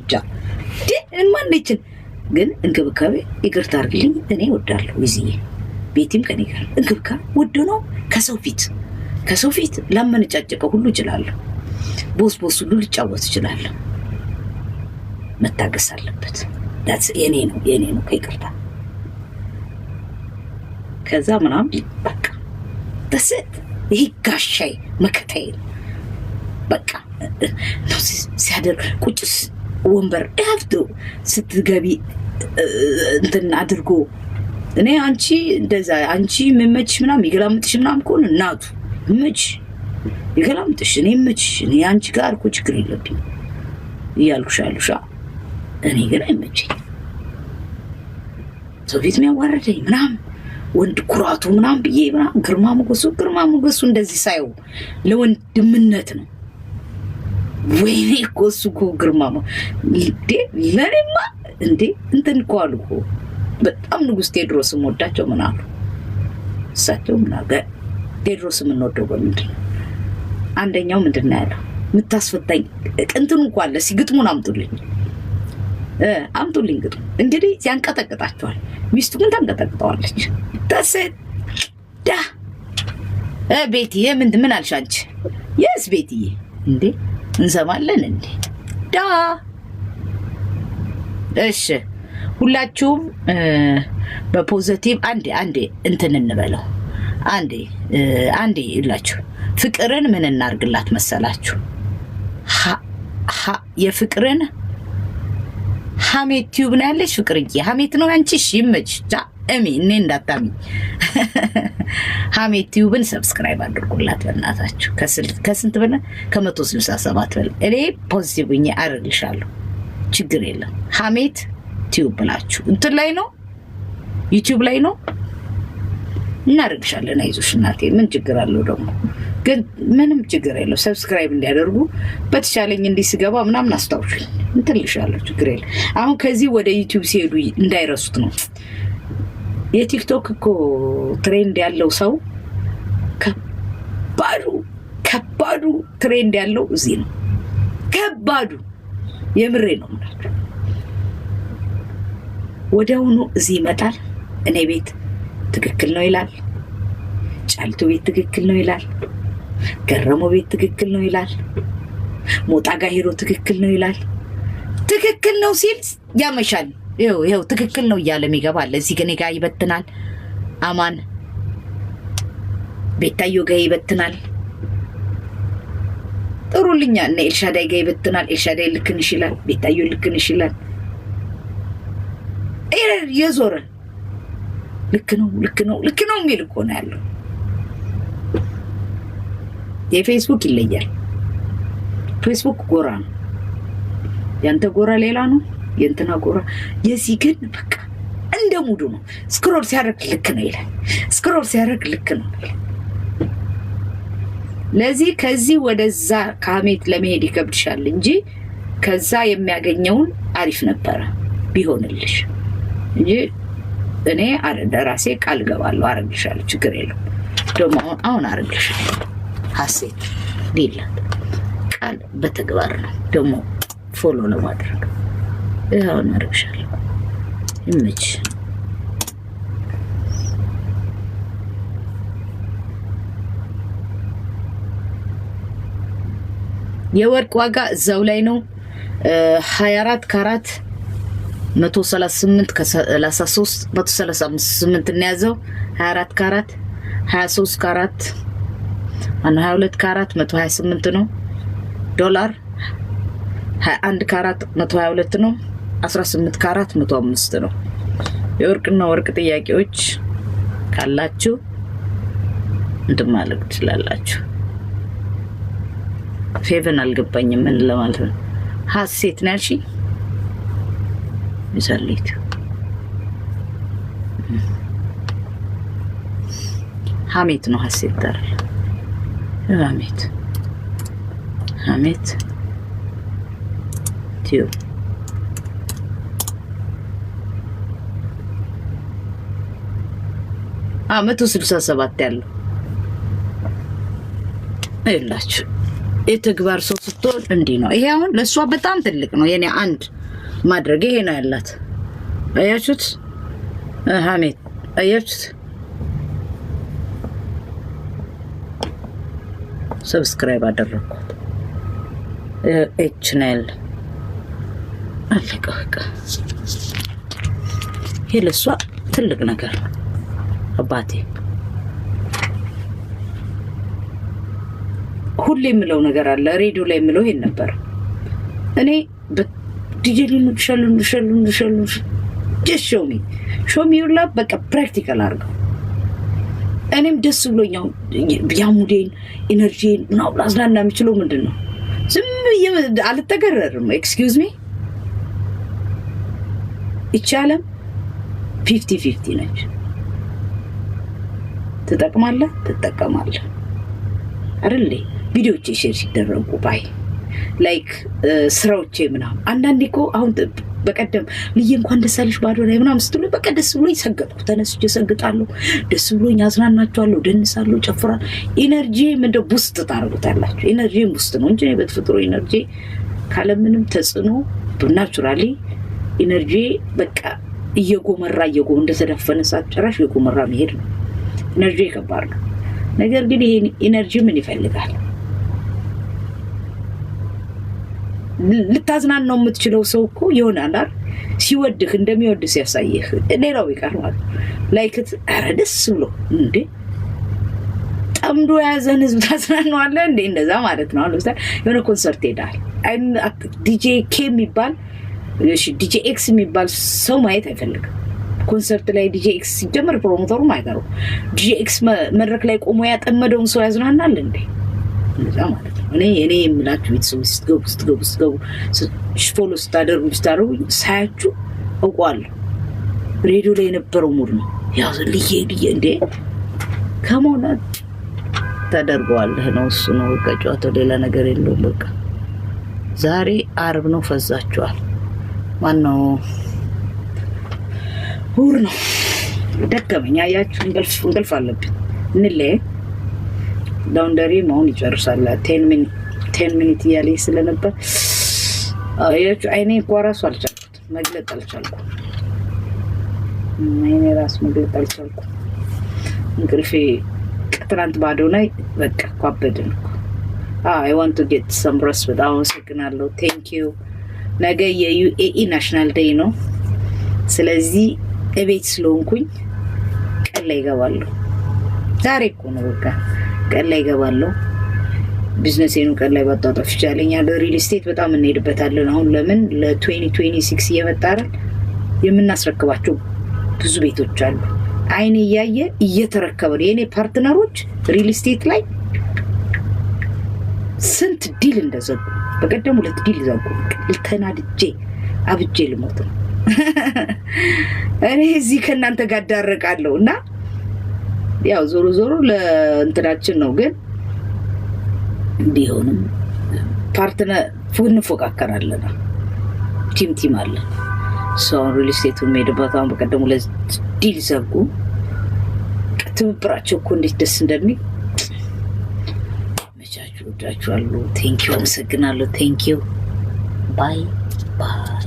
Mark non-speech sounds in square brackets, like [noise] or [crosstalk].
ብቻ ማንችን ግን እንክብካቤ ይቅርታ አድርግልኝ፣ እኔ ወዳለሁ ይዝዬ ቤቲም ከኔ ጋር እንክብካቤ ውድ ነው። ከሰው ፊት ከሰው ፊት ላመነጫጨቀው ሁሉ እችላለሁ። ቦስ ቦስ ሁሉ ልጫወት እችላለሁ። መታገስ አለበት። የኔ ነው የኔ ነው ከይቅርታ ከዛ ምናምን በቃ በስት ይሄ ጋሻይ መከታዬ በቃ ሲያደርግ ቁጭስ ወንበር ያፍቶ ስትገቢ እንትን አድርጎ እኔ አንቺ እንደዛ አንቺ የምመችሽ ምናምን የገላምጥሽ ምናምን ከሆነ እናቱ ምች የገላምጥሽ እኔ ምችሽ እኔ አንቺ ጋር እኮ ችግር የለብኝ እያልኩሽ አሉሻ እኔ ግን አይመቸኝ ሰው ፊት የሚያዋርደኝ ምናምን ወንድ ኩራቱ ምናምን ብዬ ምናምን ግርማ ሞገሱ ግርማ ሞገሱ እንደዚህ ሳየው ለወንድምነት ነው። ወይኔ እኮ እሱ እኮ ግርማ ለኔማ እንዴ እንትን እኮ አሉ እኮ በጣም ንጉስ ቴድሮስ ወዳቸው ምን አሉ እሳቸው ምን ቴድሮስ የምንወደው በምንድን ነው? አንደኛው ምንድን ነው ያለው የምታስፈታኝ ቅንትኑ እኮ አለ። እስኪ ግጥሙን አምጡልኝ አምጡልኝ ግጥሙ። እንግዲህ ያንቀጠቅጣቸዋል። ሚስቱ ግን ታንቀጠቅጠዋለች። ተሴት ቤትዬ ምን አልሽ አንቺ? የስ ቤትዬ እንዴ እንሰማለን እንዴ? ዳ እሺ፣ ሁላችሁም በፖዘቲቭ አንዴ አንዴ እንትን እንበለው አንዴ አንዴ ይላችሁ። ፍቅርን ምን እናርግላት መሰላችሁ? የፍቅርን ሀሜት ቲዩብ ነው ያለች ፍቅርዬ ሀሜት ነው ያንቺሽ። ይመችሽ። እሚ እኔ እንዳታሚ ሀሜ [laughs] ቲዩብን ሰብስክራይብ አድርጉላት በእናታችሁ። ከስንት በለ ከመቶ ስልሳ ሰባት በለ እኔ ፖዚቲቭ ኛ አደርግልሻለሁ። ችግር የለም ሀሜት ቲዩብ ብላችሁ እንትን ላይ ነው ዩቲዩብ ላይ ነው እናደርግሻለን። አይዞሽ እናቴ ምን ችግር አለው ደግሞ ግን ምንም ችግር የለው። ሰብስክራይብ እንዲያደርጉ በተቻለኝ እንዲህ ስገባ ምናምን አስታውሹኝ እንትልሻለሁ። ችግር የለ። አሁን ከዚህ ወደ ዩቲዩብ ሲሄዱ እንዳይረሱት ነው የቲክቶክ እኮ ትሬንድ ያለው ሰው ከባዱ ከባዱ ትሬንድ ያለው እዚህ ነው። ከባዱ የምሬ ነው የምላችሁ። ወደውኑ እዚህ ይመጣል። እኔ ቤት ትክክል ነው ይላል፣ ጫልቱ ቤት ትክክል ነው ይላል፣ ገረሞ ቤት ትክክል ነው ይላል፣ ሞጣ ጋሂሮ ትክክል ነው ይላል። ትክክል ነው ሲል ያመሻል። ይኸው ይኸው ትክክል ነው እያለ የሚገባ አለ። እዚህ ግን ጋ ይበትናል። አማን ቤታዮ ጋ ይበትናል። ጥሩልኛ እና ኤልሻዳይ ጋ ይበትናል። ኤልሻዳይ ልክን ይሽላል። ቤታዮ ልክን ይሽላል። የዞረ ልክ ነው ልክ ነው ልክ ነው የሚል እኮ ነው ያለው። የፌስቡክ ይለያል። ፌስቡክ ጎራ ነው፣ ያንተ ጎራ ሌላ ነው። የእንትና ጎራ የዚህ ግን በቃ እንደ ሙዱ ነው። ስክሮል ሲያደርግ ልክ ነው ይላል። ስክሮል ሲያደርግ ልክ ነው። ለዚህ ከዚህ ወደዛ ከሀሜት ለመሄድ ይከብድሻል እንጂ ከዛ የሚያገኘውን አሪፍ ነበረ ቢሆንልሽ እንጂ እኔ ለራሴ ቃል ገባለሁ፣ አረግልሻለሁ። ችግር የለም ደግሞ አሁን አሁን አረግልሻለሁ። ሀሴት ሌላት ቃል በተግባር ነው ደግሞ ፎሎ ለማድረግ እዛው እናደርግሻለሁ። ይመች የወርቅ ዋጋ እዛው ላይ ነው 24 ካራት 138 ከ33 138 እናያዘው 24 ካራት 23 ካራት 22 ካራት 128 ነው ዶላር 21 ካራት 122 ነው 18 ካራት 105 ነው። የወርቅና ወርቅ ጥያቄዎች ካላችሁ እንድማለቅ ትችላላችሁ። ፌቨን አልገባኝም። ምን ለማለት ነው? ሀሴት ነው ያልሺ ምሳሌት ሀሜት ነው። ሀሴት ዳር ሀሜት ሀሜት ቲዩ መቶ ስልሳ ሰባት ያለው የላችሁ የተግባር ሰው ስትሆን እንዲህ ነው። ይሄ አሁን ለእሷ በጣም ትልቅ ነው። የኔ አንድ ማድረግ ይሄ ነው ያላት። አያችሁት? ሀሜት አያችሁት? ሰብስክራይብ አደረግኩት። ኤች ነው አለቀ። በቃ ይሄ ለእሷ ትልቅ ነገር ነው። አባቴ ሁሌ የምለው ነገር አለ። ሬዲዮ ላይ የምለው ይሄን ነበር። እኔ ዲጄ ሸሉን ሸሉን ሸሉን ጀስ ሾሚ ሾሚ ዩላ በቃ ፕራክቲካል አድርገው እኔም ደስ ብሎኛው ያሙዴን ኢነርጂን ምናምን አዝናና የሚችለው ምንድን ነው? ዝም አልተገረርም። ኤክስኪውዝ ሚ ይቻለም ፊፍቲ ፊፍቲ ነች። ትጠቅማለህ፣ ትጠቀማለህ አይደል? ቪዲዮቼ ሼር ሲደረጉ ባይ ላይክ ስራዎቼ ምናምን አንዳንዴ እኮ አሁን በቀደም ልዬ እንኳን ደስ አለሽ ባዶ ላይ ምናምን ስትሉ በቃ ደስ ብሎኝ ሰገጥኩ። ተነስቼ ሰግጣለሁ፣ ደስ ብሎኝ አዝናናችኋለሁ፣ ደንሳለሁ፣ ጨፍራለሁ። ኢነርጂም ምንደ ውስጥ ታደርጉታላችሁ። ኢነርጂም ውስጥ ነው እንጂ በተፈጥሮ ኢነርጂ ካለምንም ተጽዕኖ ናቹራሊ ኢነርጂ በቃ እየጎመራ እየጎ እንደተደፈነ ሳት ጭራሽ እየጎመራ መሄድ ነው። ኢነርጂ ከባድ ነው። ነገር ግን ይህ ኢነርጂ ምን ይፈልጋል? ልታዝናን ነው የምትችለው ሰው እኮ ይሆናል ሲወድህ እንደሚወድ ሲያሳይህ፣ ሌላው ይቀር ማለት ላይክት ኧረ ደስ ብሎ እንዴ ጠምዶ የያዘን ህዝብ ታዝናነዋለህ እንዴ? እንደዛ ማለት ነው። አሁን የሆነ ኮንሰርት ሄዳል። ዲጄ ኬ የሚባል ዲጄ ኤክስ የሚባል ሰው ማየት አይፈልግም። ኮንሰርት ላይ ኤክስ ሲጀምር ፕሮሞተሩም አይቀሩም። ኤክስ መድረክ ላይ ቆሞ ያጠመደውን ሰው ያዝናናል እንዴ? እዛ ማለት ነው። እኔ እኔ የምላችሁ ቤተሰቡ ስትገቡ ስትገቡ ስትገቡ ፎሎ ስታደርጉ ስታደርጉ ሳያችሁ እውቋል ሬዲዮ ላይ የነበረው ሙድ ነው ያው ልዬ ልዬ እንዴ ከመሆነ ተደርገዋለህ ነው እሱ ነው በቃ ጨዋታው ሌላ ነገር የለውም። በቃ ዛሬ አርብ ነው። ፈዛችኋል ማነው እሑድ ነው። ደከመኝ። አያችሁ እንቅልፍ እንቅልፍ አለብኝ። እንለየ ዳውንደሪ መሆን ይጨርሳል። ቴን ሚኒት ቴን ስለነበር አያችሁ አይኔ እኮ ራሱ አልቻልኩት መግለጥ አልቻልኩ። አይኔ ራሱ መግለጥ አልቻልኩ። እንቅልፌ ትናንት ባዶ ላይ በቃ ኳበድን እኮ አይ ዋንት ቱ ጌት ሰም ረስት። በጣም አመሰግናለሁ። ቴንክ ዩ። ነገ የዩኤኢ ናሽናል ዴይ ነው። ስለዚህ እቤት ስለሆንኩኝ ቀን ላይ ይገባለሁ። ዛሬ እኮ ነው በቃ ቀን ላይ ይገባለሁ። ቢዝነሴኑ ቀን ላይ ባጣጠፍ ይቻለኝ ያለ ስቴት በጣም እንሄድበታለን። አሁን ለምን ለ2026 እየመጣረን የምናስረክባቸው ብዙ ቤቶች አሉ። አይኔ እያየ እየተረከበ ነው። የእኔ ፓርትነሮች ሪል ስቴት ላይ ስንት ዲል እንደዘጉ በቀደም ሁለት ዲል ዘጉ። ተናድጄ አብጄ ልሞት ነው። እኔ እዚህ ከእናንተ ጋር እዳረቃለሁ እና ያው ዞሮ ዞሮ ለእንትናችን ነው። ግን ቢሆንም ፓርትነር እንፎካከራለን፣ ቲምቲም አለን። ሰውን ሪል ስቴቱ የሚሄድበት አሁን በቀደሙ ለዲል ዘጉ። ትብብራቸው እኮ እንዴት ደስ እንደሚ መቻችሁ። ወዳችኋለሁ። ቴንኪው። አመሰግናለሁ። ቴንኪው። ባይ ባይ